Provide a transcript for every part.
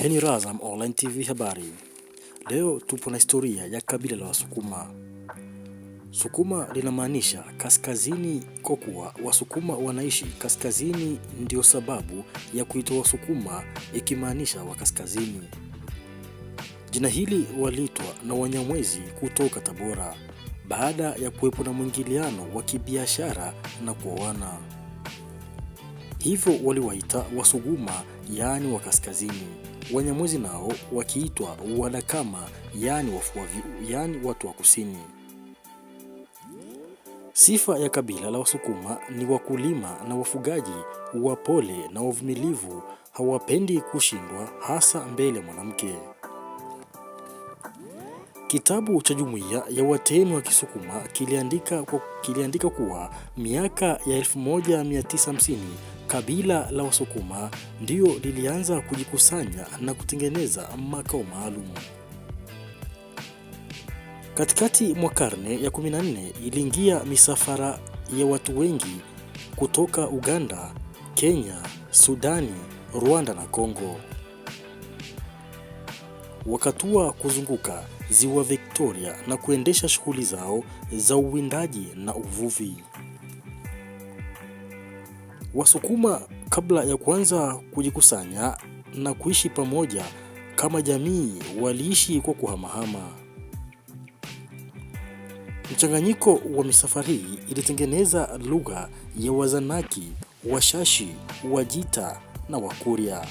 Yaani Razam Online TV, habari. Leo tupo na historia ya kabila la Wasukuma. Sukuma linamaanisha kaskazini, kwa kuwa Wasukuma wanaishi kaskazini, ndio sababu ya kuitwa Wasukuma, ikimaanisha wa kaskazini. Jina hili walitwa na Wanyamwezi kutoka Tabora baada ya kuwepo na mwingiliano wa kibiashara na kuoana hivyo waliwaita Wasuguma, yaani wa kaskazini. Wanyamwezi nao wakiitwa Wadakama, yaani wafua, yaani watu wa kusini. Sifa ya kabila la Wasukuma ni wakulima na wafugaji, wapole na wavumilivu, hawapendi kushindwa, hasa mbele ya mwanamke. Kitabu cha Jumuiya ya Watemi wa Kisukuma kiliandika, kiliandika kuwa miaka ya 1950 Kabila la Wasukuma ndio lilianza kujikusanya na kutengeneza makao maalum. Katikati mwa karne ya 14 iliingia misafara ya watu wengi kutoka Uganda, Kenya, Sudani, Rwanda na Kongo. Wakatua kuzunguka Ziwa Victoria na kuendesha shughuli zao za uwindaji na uvuvi. Wasukuma kabla ya kuanza kujikusanya na kuishi pamoja kama jamii waliishi kwa kuhamahama. Mchanganyiko wa misafara hii ilitengeneza lugha ya Wazanaki, Washashi, Wajita na Wakurya.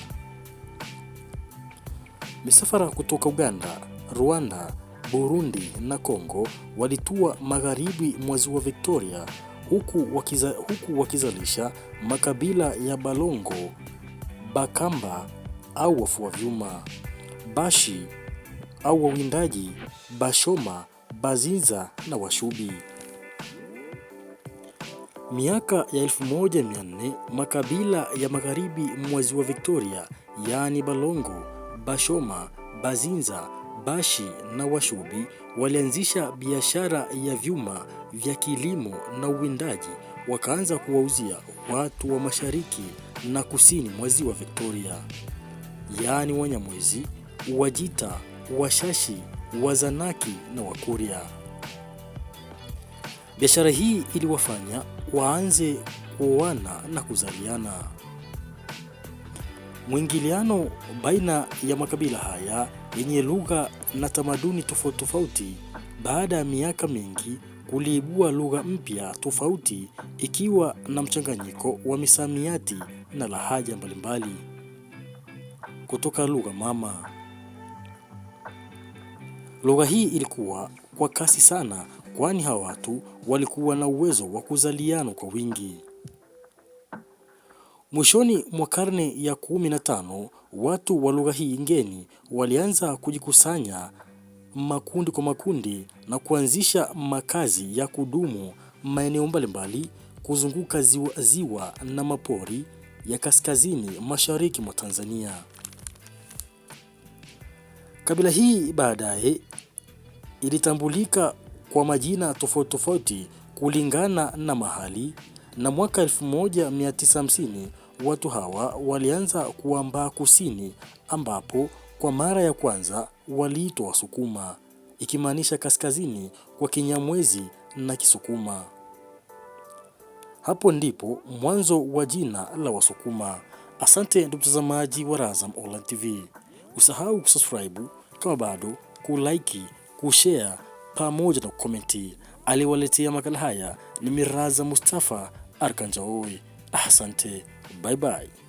Misafara kutoka Uganda, Rwanda, Burundi na Kongo walitua magharibi mwa Ziwa Victoria huku, wakiza, huku wakizalisha makabila ya Balongo, Bakamba au wafua vyuma, Bashi au wawindaji, Bashoma, Bazinza na Washubi. Miaka ya 1400 makabila ya magharibi mwa ziwa Victoria, yaani Balongo, Bashoma, Bazinza Bashi na Washubi walianzisha biashara ya vyuma vya kilimo na uwindaji, wakaanza kuwauzia watu wa mashariki na kusini mwa ziwa Victoria, yaani Wanyamwezi, Wajita, Washashi, Wazanaki na Wakuria. Biashara hii iliwafanya waanze kuoana na kuzaliana. Mwingiliano baina ya makabila haya yenye lugha na tamaduni tofauti tofauti baada ya miaka mingi kuliibua lugha mpya tofauti ikiwa na mchanganyiko wa misamiati na lahaja mbalimbali kutoka lugha mama. Lugha hii ilikuwa kwa kasi sana, kwani hawa watu walikuwa na uwezo wa kuzaliana kwa wingi. Mwishoni mwa karne ya kumi na tano watu wa lugha hii ngeni walianza kujikusanya makundi kwa makundi na kuanzisha makazi ya kudumu maeneo mbalimbali kuzunguka ziwa, ziwa na mapori ya kaskazini mashariki mwa Tanzania. Kabila hii baadaye ilitambulika kwa majina tofauti tofauti kulingana na mahali na mwaka 1950 watu hawa walianza kuambaa kusini, ambapo kwa mara ya kwanza waliitwa Wasukuma, ikimaanisha kaskazini kwa Kinyamwezi na Kisukuma. Hapo ndipo mwanzo wa jina la Wasukuma. Asante ndugu mtazamaji wa Razam Online TV, usahau kusubscribe kama bado, kulike, kushare pamoja na kukomenti. Aliwaletea makala haya ni Miraza Mustafa Arkanjaui. Asante, bye bye.